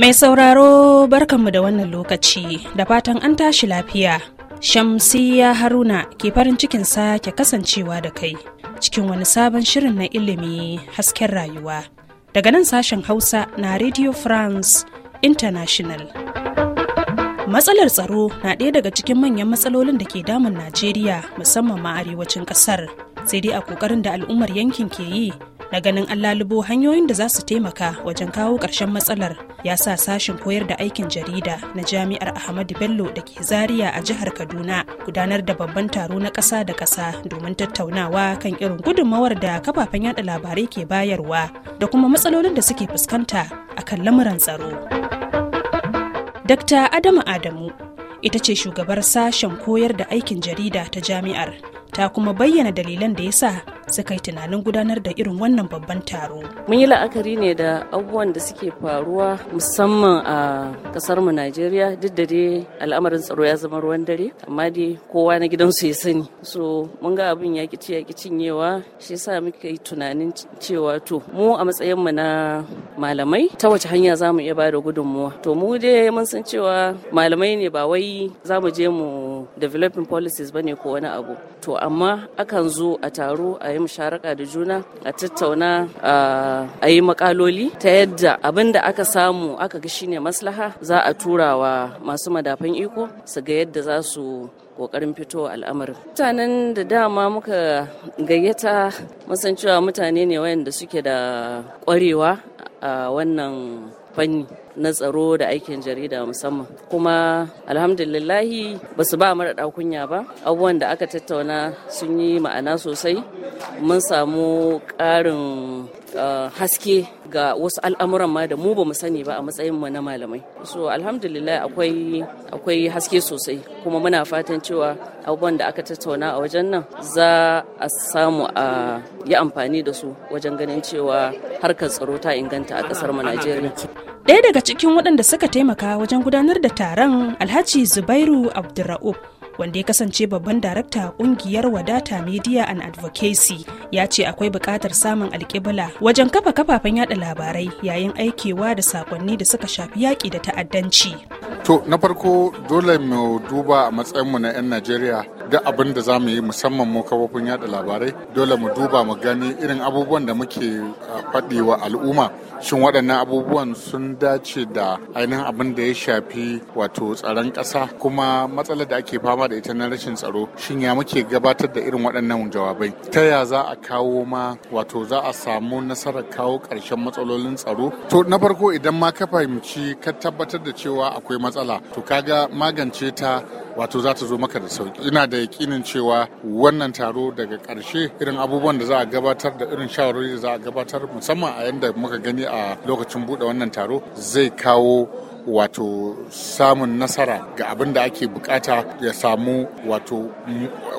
Mai sauraro barkanmu da wannan lokaci da fatan an tashi lafiya. Shamsiya Haruna ke farin cikin sake kasancewa da kai cikin wani sabon shirin na ilimi hasken rayuwa. Daga nan sashen Hausa na Radio France International. Matsalar tsaro na ɗaya daga cikin manyan matsalolin da ke damun Najeriya musamman ma arewacin ƙasar. sai dai a kokarin da al'ummar yankin ke yi na ganin an lalubo hanyoyin da za su taimaka wajen kawo ƙarshen matsalar ya sa sashen koyar da aikin jarida na jami'ar ahmadu bello da ke zaria a jihar kaduna gudanar da babban taro na ƙasa da ƙasa domin tattaunawa kan irin gudunmawar da kafafen yaɗa labarai ke bayarwa da kuma matsalolin da suke fuskanta a kan lamuran tsaro dakta adamu Adamu ita ce shugabar sashen koyar da aikin jarida ta jami'ar ta kuma bayyana dalilan da ya sa suka yi tunanin gudanar da irin wannan babban taro. Mun yi la'akari ne da abubuwan da suke faruwa musamman a kasar mu Najeriya duk da dai al'amarin tsaro ya zama ruwan dare amma dai kowa na gidansu ya sani. So mun ga abin ya kici ya cinyewa shi yasa muke tunanin cewa to mu a matsayin mu na malamai ta wace hanya za mu iya ba da gudunmuwa. To mu dai mun san cewa malamai ne ba wai za mu je mu developing policies bane ko wani abu. To amma akan zo a taro a yi musharaka da juna a tattauna a yi makaloli ta yadda abin da aka samu aka ga shine maslaha za a tura wa masu madafan iko su ga yadda za su kokarin fito al'amarin. Mutanen da dama muka gayyata musan cewa mutane ne wayanda suke da kwarewa a wannan fanni. na tsaro da aikin jarida musamman kuma alhamdulillahi ba su ba mara kunya ba abubuwan da aka tattauna sun yi ma'ana sosai mun samu ƙarin ah, haske ga wasu al'amuran ma da mu ba mu sani ba a matsayin mu na malamai so alhamdulillah akwai akwai haske sosai kuma muna fatan cewa abubuwan da aka tattauna a wajen nan za a samu a yi amfani da su wajen ganin cewa harkar tsaro ta inganta a kasar mu Najeriya Ɗaya daga cikin waɗanda suka taimaka wajen gudanar da taron Alhaji Zubairu Abdurra'ub wanda ya kasance babban darakta ƙungiyar wadata media and advocacy ya ce akwai buƙatar samun alƙibla wajen kafa kafafen yada labarai yayin aikewa da sakonni da suka shafi yaƙi da ta'addanci. to na farko dole mu duba a matsayinmu na 'yan najeriya da abin da za mu yi musamman mu kafofin yada labarai dole mu duba mu gani irin abubuwan da muke faɗi wa al'umma shin waɗannan abubuwan sun dace da ainihin abin da ya shafi wato tsaron ƙasa kuma matsalar da ake fama da ita na rashin tsaro shin ya muke gabatar da irin waɗannan jawabai ta ya za a kawo ma wato za a samu nasarar kawo ƙarshen matsalolin tsaro to na farko idan ma ka fahimci ka tabbatar da cewa akwai matsala to kaga magance ta wato za ta zo maka da sauki ina da da yakinin cewa wannan taro daga ƙarshe irin abubuwan da za a gabatar da irin shawarwari da za a gabatar musamman a yadda muka gani a lokacin buɗe wannan taro zai kawo wato samun nasara ga abin da ake bukata ya samu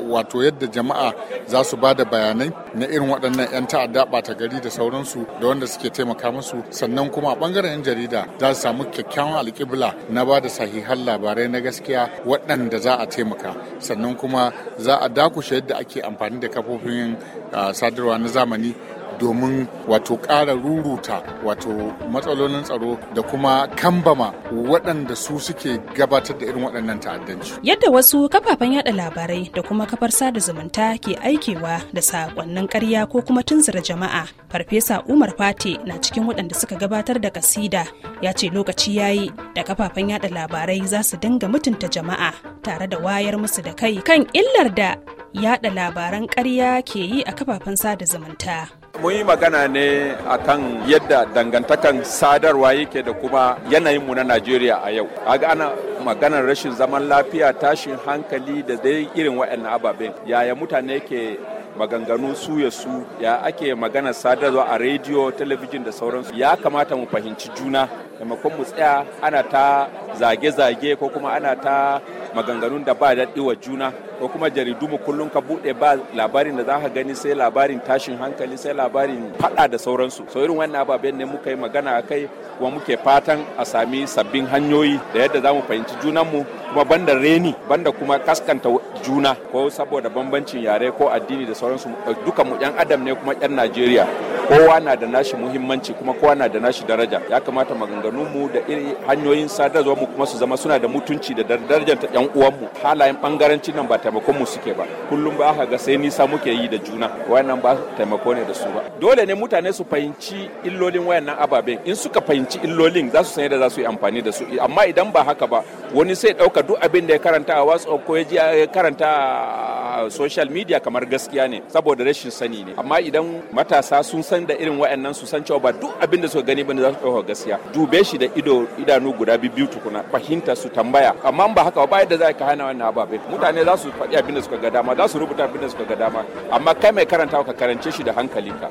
wato yadda jama'a za su ba da bayanai na irin waɗannan 'yan ta'adda ɓata gari da sauransu da wanda suke taimaka musu sannan kuma a ɓangaren 'yan jarida za su samu kyakkyawan alƙibla na ba da sahihan labarai na gaskiya waɗanda za a taimaka sannan kuma za a dakushe yadda ake amfani da kafofin ah, sadarwa na zamani domin wato ƙara ruruta wato matsalolin tsaro da kuma kambama waɗanda su suke gabatar da irin waɗannan ta'addanci. Yadda wasu kafafen yada labarai da kuma kafar sada zumunta ke aikewa da saƙonnin ƙarya ko kuma tunzura jama'a. Farfesa Umar Fate na cikin waɗanda suka gabatar da kasida ya ce lokaci ya yi da kafafen yada labarai za su dinga mutunta jama'a tare da wayar musu da kai kan illar da yada labaran ƙarya ke yi a kafafen sada zumunta. mun yi magana ne akan yadda dangantakan sadarwa yake da kuma yanayinmu na najeriya a yau a ana maganar rashin zaman lafiya tashin hankali da dai irin waɗannan ababen yaya mutane ke maganganu su ya su ya ake magana sadarwa a rediyo talabijin da sauransu ya kamata mu fahimci juna maimakon mu tsaya ana ta zage-zage ko kuma ana ta maganganun da ba daɗi wa juna ko kuma jaridu mu kullum ka buɗe ba labarin da za ka gani sai labarin tashin hankali sai labarin faɗa da sauransu so irin wannan ababen ne muka yi magana a kai kuma muke fatan a sami sabbin hanyoyi da yadda za mu fahimci junanmu kuma banda reni banda kuma kaskanta juna ko saboda bambancin yare ko addini da sauransu duka mu yan adam ne kuma yan najeriya kowa na da nashi muhimmanci kuma kowa na da nashi daraja ya kamata maganganunmu da iri hanyoyin sadarwa mu kuma su zama suna da mutunci da darajar ta yan uwanmu halayen bangarancin nan ba taimakon mu suke ba kullum ba haka ga sai nisa muke yi da juna wayannan ba taimako ne da su ba dole ne mutane su fahimci illolin wayannan ababen in suka fahimci illolin za su san yadda za su yi amfani da su amma idan ba haka ba wani sai dauka duk abin da ya karanta a watsa ko ya ji ya karanta a social media kamar gaskiya ne saboda rashin sani ne amma idan matasa sun san da irin wa'annan su san cewa ba duk abin da suka gani bane za su ɗauka gaskiya dube shi da ido idanu guda biyu tukuna fahimta su tambaya amma ba haka ba yadda za ka hana wannan ababen mutane za su faɗi abin da suka ga dama za su rubuta abin da suka ga dama amma kai mai karanta ka karance shi da hankalinka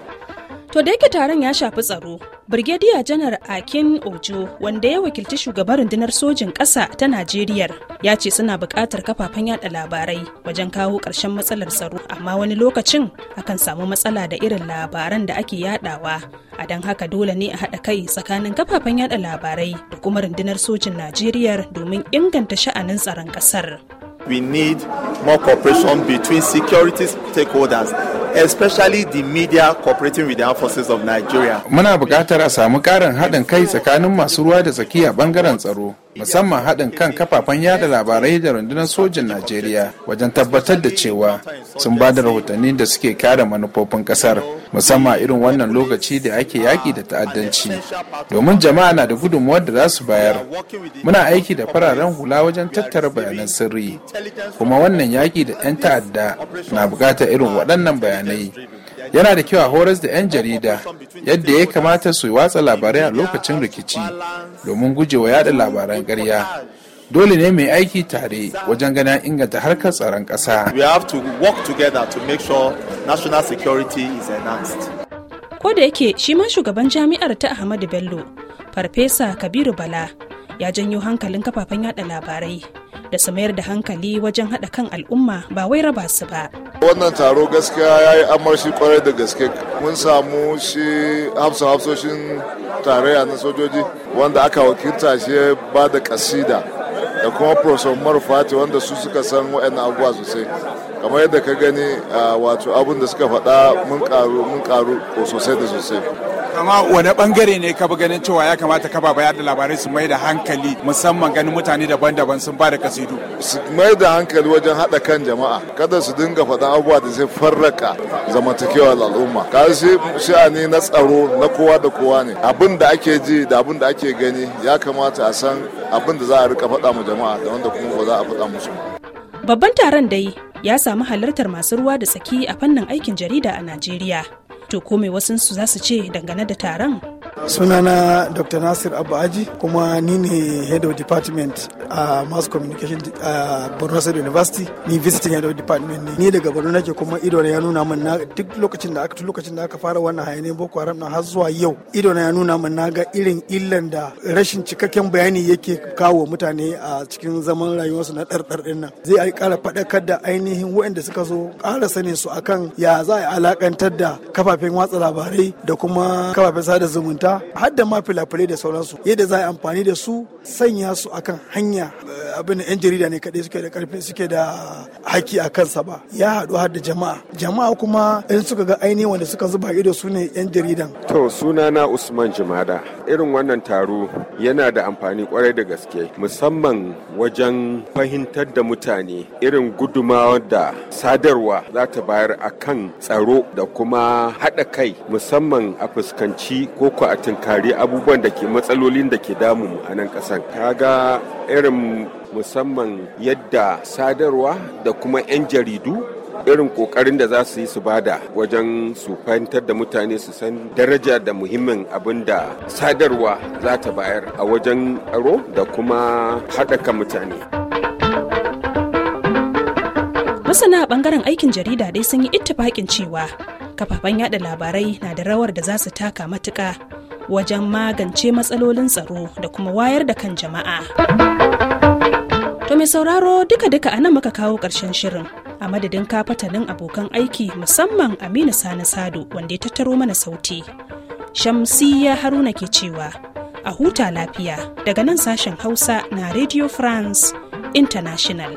To da yake taron ya shafi tsaro, Birgediya Janar Akin Ojo wanda ya wakilci shugaban rundunar sojin ƙasa ta Najeriya ya ce suna buƙatar kafafen yaɗa labarai wajen kawo ƙarshen matsalar tsaro amma wani lokacin akan samu matsala da irin labaran da ake yaɗawa. a don haka dole ne a haɗa kai tsakanin kafafen yaɗa labarai da kuma rundunar sojin Najeriya domin inganta sha'anin tsaron ƙasar. we need more cooperation between security stakeholders especially the media cooperating with the armed forces of Nigeria. Muna buƙatar a samu ƙarin haɗin kai tsakanin masu ruwa da tsakiya a ɓangaren tsaro, musamman haɗin kan kafafen yada labarai da rundunar sojin Najeriya wajen tabbatar da cewa sun ba da rahotanni da suke kare manufofin ƙasar. musamman irin wannan lokaci da ake yaƙi da ta'addanci domin jama'a na da gudunmuwar da za su bayar muna aiki da fararen hula wajen tattara bayanan sirri kuma wannan yaƙi da 'yan ta'adda na buƙatar irin waɗannan bayanai yana da kyau a horas da 'yan jarida yadda ya kamata su yi watsa labarai a lokacin rikici domin gujewa yada labaran ƙarya dole ne mai aiki tare wajen gana inganta harkar tsaron ƙasa. We have to work together to make sure national security is enhanced. Ko da yake shi ma shugaban jami'ar ta Ahmadu Bello, Farfesa Kabiru Bala ya janyo hankalin kafafen yada labarai da su mayar da hankali wajen haɗa kan al'umma ba wai raba su ba. Wannan taro gaskiya ya yi amarshi kwarai da gaske mun samu shi hafsa hafsoshin tarayya na sojoji wanda aka wakilta shi ba da kasida da kuma profesor marufati wanda su suka san wa'annan abubuwa sosai kamar yadda ka gani wato abun da suka faɗa mun karu mun karu sosai da sosai amma wani bangare ne ka ganin cewa ya kamata ka bayar da labarai su mai da hankali musamman ganin mutane daban-daban sun ba da kasidu su mai da hankali wajen haɗa kan jama'a kada su dinga faɗan abubuwa da zai farraka zamantakewar al'umma ka shi sha'ani na tsaro na kowa da kowa ne abin da ake ji da abin da ake gani ya kamata a san abin da za a rika faɗa mu jama'a da wanda kuma ba za a faɗa musu babban taron da yi ya samu halartar masu ruwa da tsaki a fannin aikin jarida a Najeriya. To kome mai su za su ce dangane da taron? sunana dr nasir abu aji kuma ni ne head of department a uh, mass communication a uh, borno state university ni visiting head of department ne ni daga borno nake kuma ido ya nuna min na duk lokacin da aka lokacin da aka fara wannan hayaniyar boko haram na har zuwa yau ido ya nuna min na ga irin illan da rashin cikakken bayani yake kawo mutane a cikin zaman rayuwarsu na ɗarɗar ɗin nan zai ƙara faɗakar da ainihin waɗanda suka zo ƙara sanin su akan ya za a alakantar da kafafen watsa labarai da kuma kafafen sada zumunta har da ma filafilai da sauransu yadda za a amfani da su sanya su akan hanya abin yan jarida ne kadai suke da karfi suke da haƙƙi a kansa ba ya haɗu har da jama'a jama'a kuma in suka ga ainihin wanda suka zuba ido su ne yan jaridan to sunana usman jimada irin wannan taro yana da amfani kwarai da gaske musamman wajen fahimtar da mutane irin gudumawa da sadarwa za ta bayar a kan tsaro da kuma haɗa kai musamman a fuskanci ko ko a tunkari abubuwan da ke matsalolin da ke damu a nan ƙasan ga irin musamman yadda sadarwa da kuma 'yan jaridu irin kokarin da za su yi su bada wajen su fahimtar da mutane su san daraja da muhimmin abin da sadarwa za ta bayar a wajen aro da kuma haɗaka mutane. Masana ɓangaren aikin jarida dai sun yi ittifaƙin cewa kafafen yada labarai na da rawar da za su taka matuƙa wajen magance matsalolin tsaro da kuma wayar da kan jama'a. To mai sauraro duka-duka a nan muka kawo ƙarshen shirin. A madadin kafatanin abokan aiki musamman Aminu Sani Sado wanda ya tattaro mana sauti. Shamsiyya Haruna ke cewa a huta lafiya daga nan sashen Hausa na Radio France International.